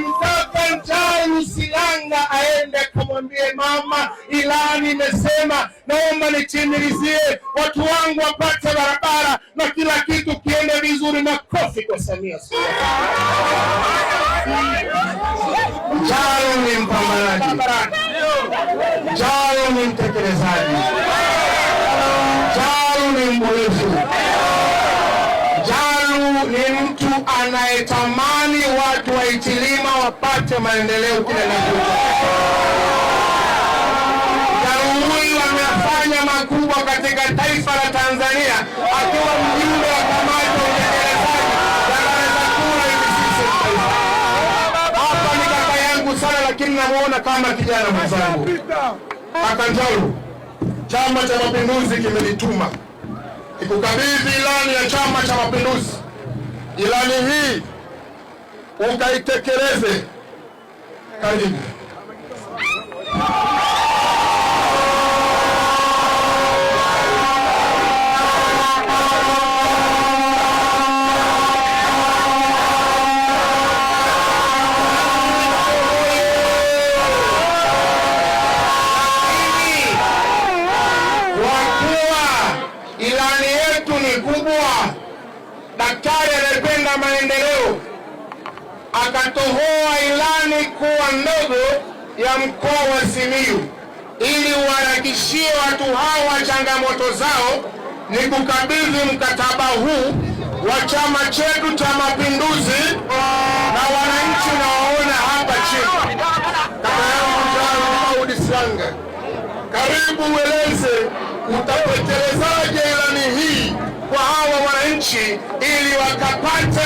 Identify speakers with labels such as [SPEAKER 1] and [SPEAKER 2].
[SPEAKER 1] mtoto Ntayu Silanga aende akamwambie mama, ilani imesema, naomba nitimilizie, watu wangu wapate barabara na kila kitu kiende vizuri. Makofi kwa Samia Suluhu. ni mpambanaji, Ntayu ni mtekelezaji, Ntayu ni mbunifu, Ntayu ni mtu anayetamani Kichilima wapate maendeleo kule Nanguja. Karumui wamefanya makubwa katika taifa la Tanzania, akiwa mjumbe wa kamati ya utekelezaji Hapa ni kaka yangu sana, lakini namuona kama kijana mwenzangu. Kaka Chama cha Mapinduzi kimenituma ikukabidhi ilani ya Chama cha Mapinduzi. Ilani hii ukaitekeleze. Karibu. Ilani yetu ni kubwa. Daktari anapenda maendeleo akatohoa ilani kuwa ndogo ya mkoa wa Simiyu ili uharakishie watu hawa changamoto zao, ni kukabidhi mkataba huu wa chama chetu cha Mapinduzi na wananchi nawaona hapa chini. Kaka yangu Sanga, karibu ueleze utatekelezaje ilani hii kwa hawa wananchi ili wakapata